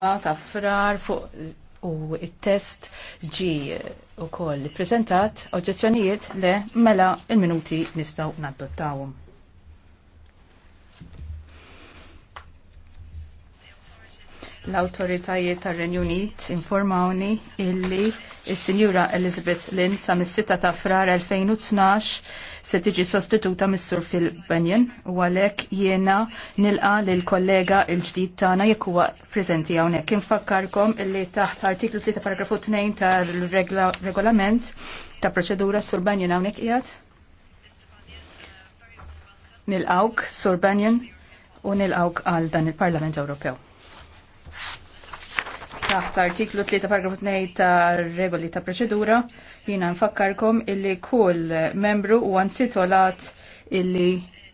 ta' frar fuq u il-test ġi u koll prezentat oġġezzjonijiet le mela il-minuti nistaw naddottawum. L-autoritajiet tar renju Unit informawni illi il-Sinjura Elizabeth Lynn sa' mis sitta ta' frar 2012 se tiġi sostituta mis-sur fil-Benjen u għalhekk jiena nilqa lil kollega il-ġdid tagħna jekk huwa preżenti hawnhekk. Infakkarkom illi taħt artiklu 3 paragrafu 2 tal-regolament ta' proċedura sur Benjen hawnhekk qiegħed nilqawk, Sur Banyan, u nilqawk għal dan il-Parlament Ewropew taħt artiklu 3 paragraf 2 ta' regoli ta' proċedura jina nfakkarkom illi kull membru u antitolat illi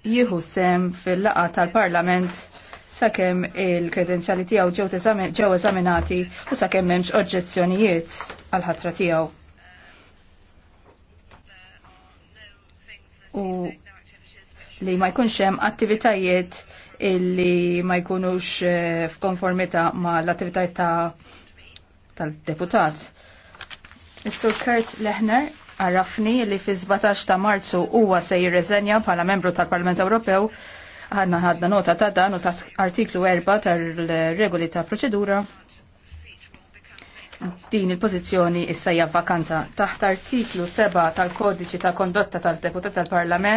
jieħu sem fil-laqa tal-parlament sakemm il-kredenzjali tiegħu ġew eżaminati u sakemm m'hemmx oġġezzjonijiet għal ħatra tiegħu. U li ma jkunx hemm attivitajiet illi ma jkunux eh, f'konformità ma l-attivitajiet ta' tal-deputat. Is-Sur Kurt Lehner għarrafni li fi 17 ta' Marzu huwa se jirreżenja bħala membru tal-Parlament Ewropew għanna ħadna nota ta' dan u ta' artiklu 4 tal-regoli ta' proċedura din il-pozizjoni issa hija vakanta taħt artiklu 7 tal-kodiċi ta' kondotta tal-deputat tal-Parlament